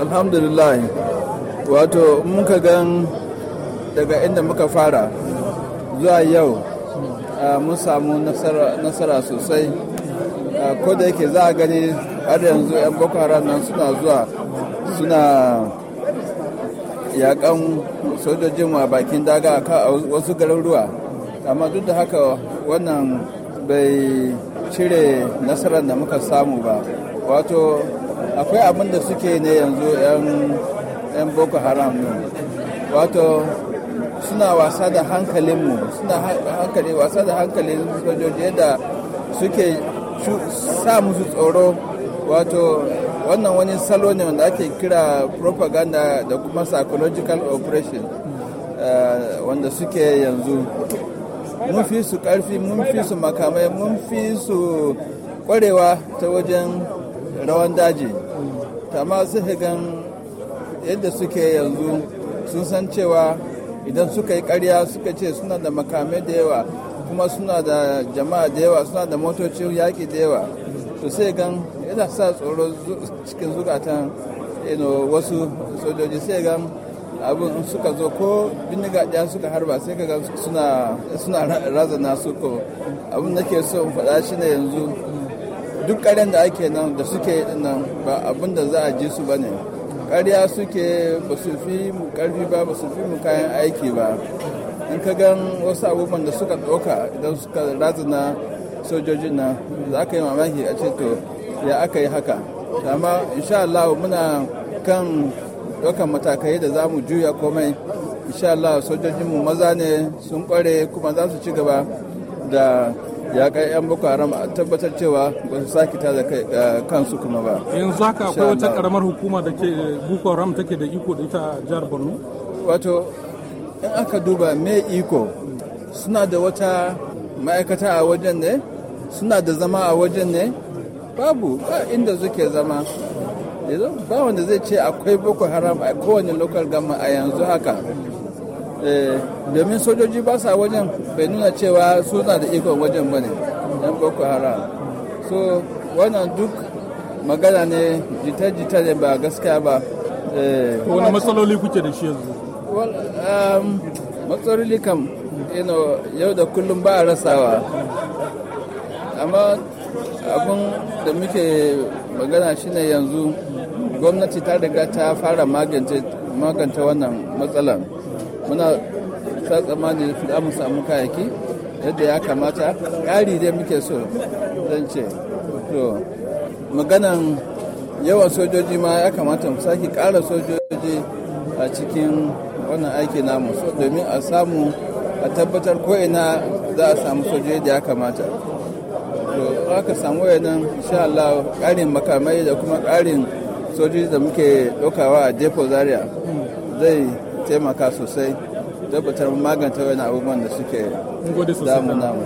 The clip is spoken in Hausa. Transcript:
alhamdulillah wato muka gan daga inda muka fara zuwa yau mun samu nasara sosai ko da yake za a gani har yanzu 'yan boko haram nan suna zuwa suna yakan sojojin a bakin daga a wasu garuruwa amma duk da haka wannan bai cire nasarar da muka samu ba wato akwai abin da suke ne yanzu 'yan boko haram ne wato suna wasa da hankalinmu suna hankali wasa da hankalin sojoji yadda suke sa musu tsoro wato wannan wani salo ne wanda ake kira propaganda da kuma psychological operation eh, wanda suke yanzu mun fi su karfi mun fi su makamai mun fi su kwarewa ta wajen rawan daji amma sai gan yadda suke yanzu sun san cewa idan suka yi karya suka ce suna da makamai da yawa kuma suna da jama'a da yawa suna da motocin yaƙi da yawa to sai gan yana sa tsoro cikin zukatan wasu sojoji sai gan abin suka zo ko bindiga ɗaya suka harba sai ga suna razana su ko abin da ke so faɗa shi ne yanzu duk ƙaryan da ake nan da suke nan ba abin da za a ji su ba ne ƙarya suke ba su fi mu ƙarfi ba ba su fi mu kayan aiki ba in ka gan wasu abubuwan da suka ɗauka idan suka razana sojojin nan za ka yi mamaki a to ya aka yi haka amma insha Allah muna kan ɗaukan matakai da za mu juya komai insha Allah sojojinmu maza ne sun kware kuma za su ci gaba da ya kai 'yan boko haram a tabbatar cewa ba su sake ta da eh, kansu kuma ba yanzu haka akwai wata karamar hukuma da ke eh, boko haram take da iko da ita jihar borno wato in aka duba me iko suna da wata ma'aikata a wajen ne suna da zama a wajen ne babu ba inda suke zama ba wanda zai ce akwai boko haram a kowane local gama a yanzu haka Eh, domin sojoji ba sa wajen bai nuna cewa suna da ikon wajen ba ne yan boko haram so wannan duk magana ne jita-jita ne ba gaskiya ba eh, wani matsaloli kuke da shi yanzu um, matsaloli kam yau da kullum ba a rasawa amma abin da muke magana shi ne yanzu gwamnati ta riga ta fara magance wannan matsalan muna ta tsammani za mu samu kayaki yadda ya kamata ƙari dai muke so zan ce to maganan yawan sojoji ma ya kamata mu sake ƙara sojoji a cikin wannan aiki namu domin a samu a tabbatar ko'ina za a samu sojoji da ya kamata to aka samu wayannan insha Allah ƙarin makamai da kuma ƙarin sojoji da muke ɗaukawa a depo zaria zai taimaka sosai tabbatar magance wani abubuwan da suke damu